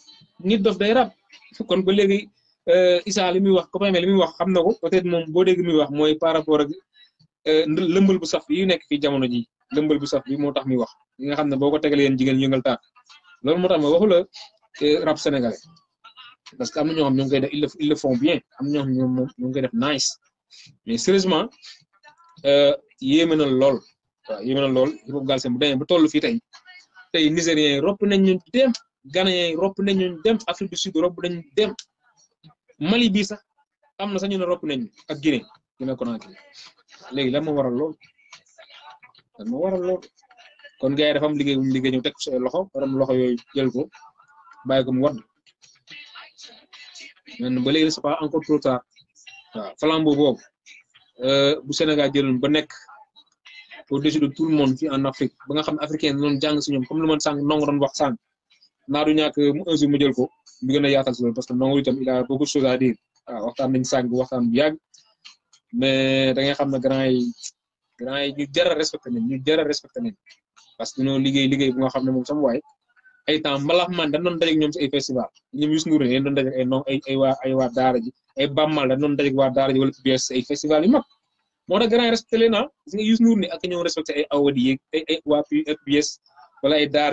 nit dof day rab kon ba legui euh isa limi wax ko li limi wax xam ko peut-être mom bo deg mi wax moy par rapport ak euh lëmbal bu saf yi nek fi jamono ji lëmbal bu saf bi motax mi wax yi nga xam boko tegal yeen jigen yéen ta lolu motax ma waxula la euh, rab sénégalais parce que am na ñoo xam ñoo ngi def ils le font bien am na ñoo xam ñoom ñu ngi def nice mais sérieusement euh yéme na lool yéme na lool hip hop Galsen bu demee bu tollu fi tay tay nigérien rop nañ ñu dem gane ropp nañu dem Afrique du Sud ropp dañu dem Mali bi sax amna na sax ñu ne ropp nañu ak Guinée Guinée ko nak légui moo waral lool lan waral lool kon gars dafa am liggéey bu liggéey ñu tek ci loxo param loxo yoy jël ko bay ko mu wad mais ba légui c'est pas encore trop tard waaw bob euh bu Sénégal jël ba nek au-dessus de tout le monde fi en Afrique ba nga xam africain ñu jang suñu comme lu man sang nongu doon wax sang naa du ñàkk un jour jël ko mu gën a yaatal si parce que Ndongo a beaucoup de choses à dire waaw waxtaan nañ sànq waxtaan bu da ngay xam ne grand yi grand yi ñu jar a respecté nañ ñu jar a respecté parce que ñoo liggéey liggéey bu nga xam ne moom sama waay ay temps mbalax man dañ doon dajeeg ñoom si ay festival ñoom Youssou Ndour dañ doon dajeeg ay non ay ay waa ay waa daara ji ay bàmmal dañ doon dajeeg waa daara ji wala PBS ay festival yu mag moo tax grand yi respecté leen ah gis nga Youssou ak ñoo respecté ay awadi yeeg ay ay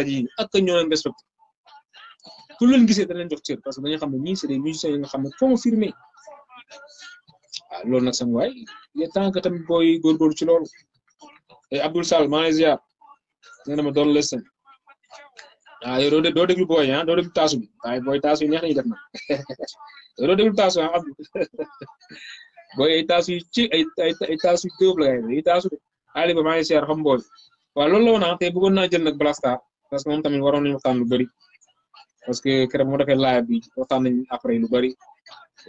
ji ak ñoo leen respecté ku leen gisee da leen jox cër parce que dañu xam ne ñii c'est des musiciens yi nga xam ne confirmé ah loolu nag sama waay il est temps que tamit booy góorgóorlu ci loolu et Abdoul Sall maa ngi ziar nee na ma doon lesson ah yow eh, doo déglu booy yi ah doo déglu taasu ah, eh, bi waaye booy taasu yi neex nañu def na yow doo déglu taasu ah Abdou booy ay tasu yu ci ay ay ay taasu yu kéwéb la ngay ay taasu Ali ba maa ngi ziar xam booy waaw loolu la woon ah bëggoon naa jël nag Blasta parce que moom tamit waroon nañu xam lu bëri. parce que keroog mu defee laaj bi waxtaan nañ après lu bari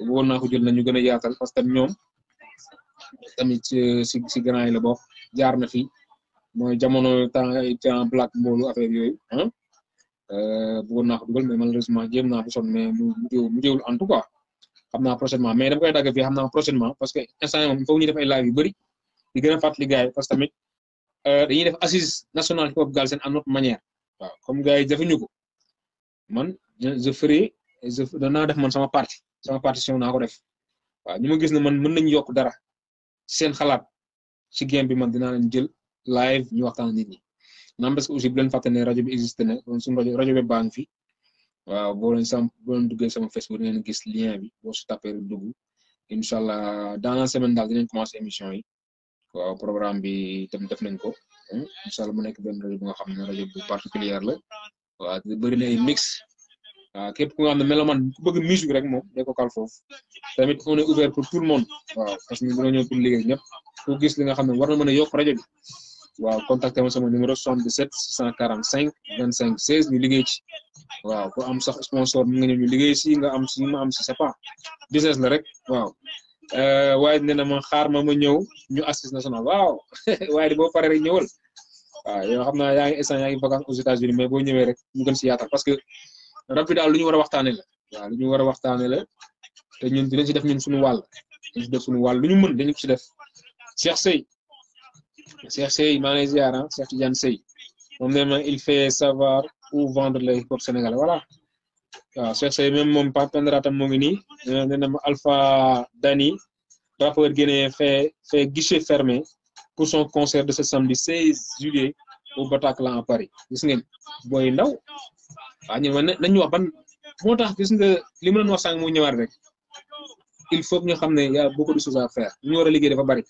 bëggoon na ko jël nañu gën a yaatal parce que ñoom tamit si si grand yi la bokk jaar na fi mooy jamono temps temps black mboolu affaire yooyu ah bëggoon naa ko mais malheureusement jéem naa ko mu mu en tout cas xam naa prochainement mais dama koy dagg fii xam naa prochainement parce que instant yii moom foog ñu def ay live yu bëri di gën a fàttali gars yi parce que tamit euh, dañuy def assise nationale hip ko. man je ferai je danaa def man sama parti sama partition naa ko def wa ñu ma gis ne man mën nañ yok dara seen xalaat ci game bi man dina lañ jël live ñu waxtaan nit ñi nam parce que aussi bu len faté né radio bi existé na sun radio radio bi baa fi wa bo len sam bo len duggé sama facebook dinañ gis lien bi bo su tapé dugg incha allah dans la semaine dal dinañ commencer émission yi wa programme bi tam def nañ ko hmm, inshallah mu nek ben radio bu nga xamné radio bu particulière la waaw di bëri na ay mix waaw képp ku nga xam ne mélomane ku bëgg musique rek moom day ko kal foofu tamit on est ouvert pour tout le monde waaw parce que ñu dina ñëw pour liggéey ñëpp ku gis li nga xam ne war na mën a yokk rajo bi waaw contacté ma sama numéro 77 645 25 16 ñu liggéey ci waaw ku am sax sponsor mu nga ñëw ñu liggéey si nga am si ma am si c'est pas business la rek waaw euh, waaye nee na ma xaar ma ma ñëw ñu national waaw waaye di boo rek ñëwal waaw yow xam naa yaa ngi instant yaa ngi vacance aux États-Unis mais boo ñëwee rek ñu gën si yaatal parce que rab bi daal lu ñu war a waxtaanee la waaw ñu war a la te ñun dinañ si def ñun suñu wàll dinañ si def suñu wàll lu ñu mën dañu ko si def Cheikh Seye Cheikh Seye maa ngi lay ziar ah Cheikh Tidiane Seye moom nee na il fait savoir où vendre le hip hop sénégalais voilà waaw Cheikh Seye même moom Pape Pendra tam moo ngi Alpha Dani rappeur guinéen fait fait guichet pour son concert de ce samedi 16 juillet au Bataclan à Paris Vous ngeen booy ndaw waaw ñun nañ ñu wax ban moo tax gis nga li mu doon wax rek il faut nous sachions qu'il y a beaucoup de choses à faire Nous a de dafa bari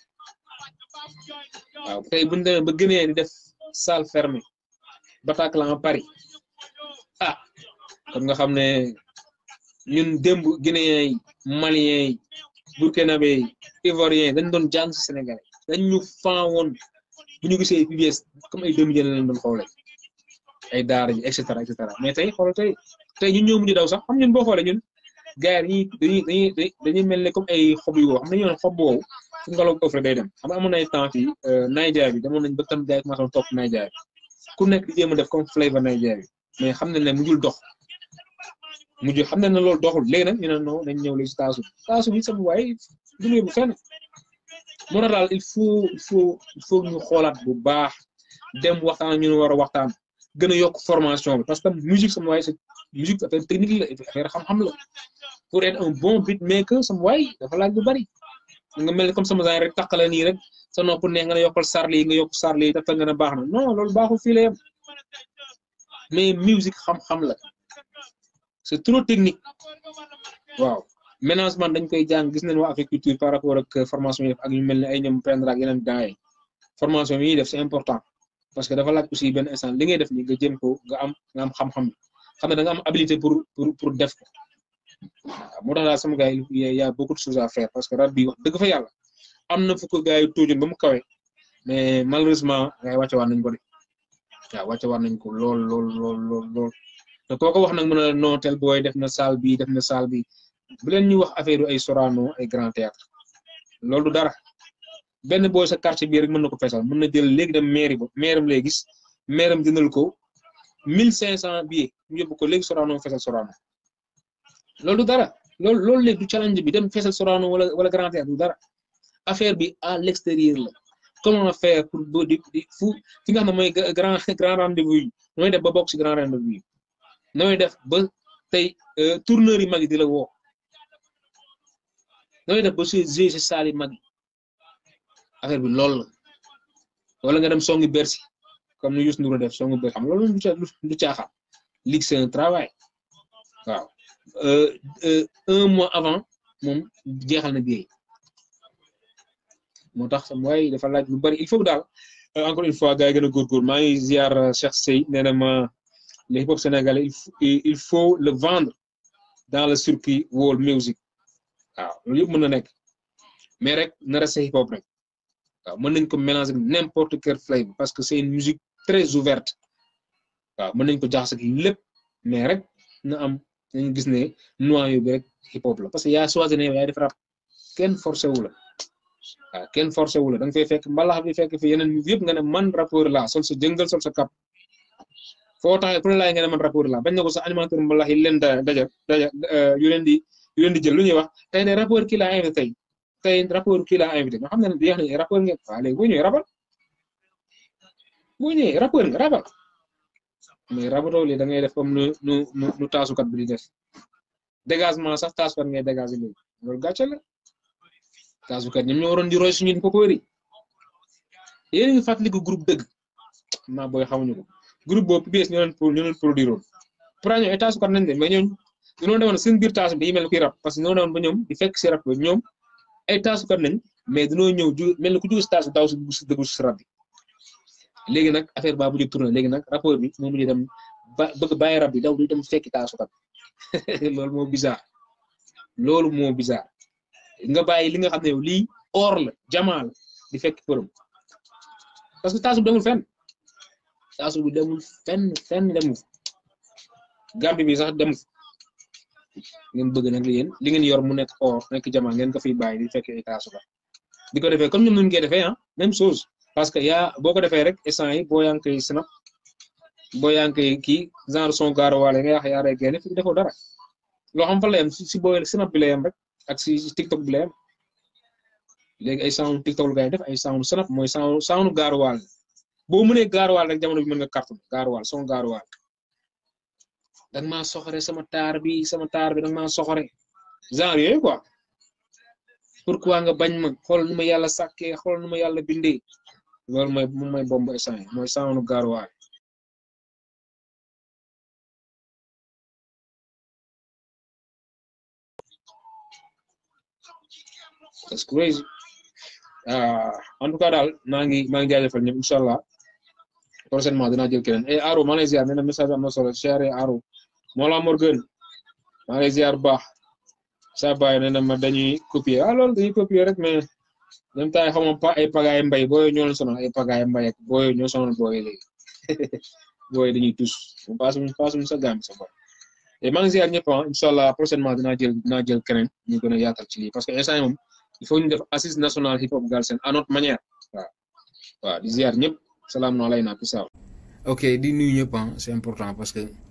waaw tey bu ñu demee ba def salle fermée Bataclan à Paris ah comme nga Yun ne ñun démb guinéen yi malien yi burkinabé yi ivoirien dañ doon jàng Sénégal. dañ ñu faawoon bu ñu gisee PBS comme ay demi jël leen doon xoolee ay daara ji et cetera et cetera mais tey xoolal tey tey ñun ñoo mujj daw sax xam ñun boo xoole ñun gars yi dañuy dañuy mel ne comme ay xob yu wow xam nañu ne xob boobu fu ngelaw ko offre dem xam nga amoon ay temps fii euh, Nigeria bi demoon nañ ba tam gars yi ku nekk di a def comme flavor Nigeria bi mais xam nañ ne mujjul dox mujj xam nañ ne loolu doxul léegi nag ñu ne non nañ ñëw taasu taasu bi sama waay du bu fenn. moo tax daal il faut il faut il faut ñu xoolaat bu baax dem waxtaan ak ñu war a waxtaan gën a yokk formation parce que musique sama waay musique technique la affaire xam-xam la pour être un bon beatmaker sama waay dafa laaj bu bari nga mel comme sama genre rek taqala nii rek sa nopp neex nga ne yokkal sarli yi nga yokk sarli yi tafta nga ne baax na non loolu baaxul fii la yem mais musique xam-xam la c'est trop technique waaw ménagement dañ koy jang gis nañ wa agriculture par rapport ak formation yi ak ñu melni ay ñom prendre ak yenen gaay formation yi def c'est important parce que dafa laaj aussi ben instant li ngay def ni nga jëm ko nga am nga am xam-xam xam ne da nga am habilité pour pour pour def ko mo moo tax daal sama gaay il y a beaucoup de choses à faire parce que rabbi wax deug fa yalla amna fuk gaay ko bamu kawé mais malheureusement gars yi war nañ ko de ya wàcce war nañ ko lol lol lol lol da koko wax nak mu ne la non def na salle bi def na salle bi bu leen ñu wax affaire ay Sorano ay Grand Théâtre loolu dara benn booy sa quartier bii rek mën na ko feesal mën na jël léegi dem mairie ba mairam lay gis mairam jëndal ko 1500 billets ñu yóbbu ko léegi Sorano feesal Sorano loolu dara loolu loolu léegi du challenge bi dem feesal Sorano wala wala Grand Théâtre du dara affaire bi à l'extérieur la comment on va faire pour ba di fu fi nga xam ne mooy grand grand rendez-vous yi nooy def ba bokk ci grand rendez-vous yi nooy def ba tey euh, tourneur yi mag yi di la woo. nooy def ba su jee si saali mag affaire bi loolu la wala nga dem songi Bercy comme ni Youssou Ndour def songi Bercy xam loolu lu caaxaan ligue c'est un travail waaw euh, euh, un mois avant mom jeexal na biey motax sa sam dafa laaj lu bari il faut dal euh, encore une fois gars yi gën a ma ngi ziar Cheikh Sey néna ma le hip hop sénégalais il faut le vendre dans le circuit world music waaw loolu yëpp mën na mais rek na resté hip hop rek waaw mën nañ ko mélanger n'importe quel flavor parce que c'est une musique très ouverte waaw mën nañ ko jaaxase lépp mais rek na am nañu gis ne noyau bi rek hip hop la parce que yaa choisir ne yow yaa def rap Ken forcé wu la waaw kenn forcé wu la da fay fekk mbalax bi fekk fi nga man rappeur sol sa jëngal sol sa kap fo taxee ku ne laay nga ne man rappeur laa bañ na ko sa animateur mbalax yi daja daja euh, yu di. yu leen di jël lu wax tey ne rapport kii laa invité tey tey rapport kii laa invité ñoo xam ne jeex nañu rapport ngeen waaw léegi boo ñëwee rabal boo ñëwee rapport nga rabal mais li da def comme nu nu nu taasukat sax taasukat ngay dégager léegi loolu gàcce la taasukat ñoom ñoo waroon di roy a ngi fàttaliku groupe dëgg maa booy xamuñu ko groupe boobu PBS ñu leen ñu leen produire woon. pour ñu ñu doon demoon seen biir taasu bi dañuy mel ni kuy rab parce que ñu doon ba ñoom di fekk si rab ba ñoom ay taasu kat nañ mais dañoo ñëw mel ni ku jóge si taasu daaw si dugg si léegi nag affaire ba bu ñu tourné léegi nag rapport bi moo mujj dem ba bàyyi rab bi daw du dem fekki taasu kat loolu moo bizarre moo bizarre nga bàyyi li nga xam ne lii or la jamaa di fekk përëm que taasu bi demul fenn taasu bi demul fenn fenn demul gambi bi sax demul. ngeen bëgg nag yéen li ngeen yor mu nekk or nekk jama ngeen ko fiy bàyyi di fekk ay kaasu ba di ko defee comme ñoom ñu koy defee ah même chose parce que yaa boo ko defee rek essence yi boo yaa ngi koy snap boo yaa ngi koy kii genre son gaaro waale nga yàq yaa rey génne fi defoo dara loo xam fa la si booy snap bi la rek ak si tiktok bi la yem léegi ay sound tiktok lu ngay def ay sound snap mooy sound sound gaaro waale boo mënee gaaro waale rek jamono bi mën nga carte gaaro waale son dan ma kare soxore sama tarbi, bi sama tarbi, bi dan ma soxore genre yooyu quoi pourquoi nga bañ ma xol numa yalla sakke xol numa yalla ma lol moy moy bomb essence that's crazy ah, en tout cas nangi, mangi ngi maa ngi allah prochainement jël keneen Eh, Aro Malaysia nena misa message am na solo share Aro Mollah Morgun maa ngi lay ziar bu baax saa baay nee na ma dañuy copier ah loolu dañuy copier rek mais même temps yi xam nga ay pagaay mbay booy ñoo leen sonal ay pagaay mbay ak booy ñoo sonal booy léegi booy dañuy tus mu paasum paasum sa gaam sa bopp te maa ngi ziar ñëpp ah incha allah prochainement dinaa jël dinaa jël keneen ñu gën a yaatal ci lii parce que instant yi moom il faut ñu def assise nationale hip hop Galsen à notre manière waaw waaw di ziar ñëpp salaam naa lay naa ok di nuyu ñëpp ah c'est important parce que.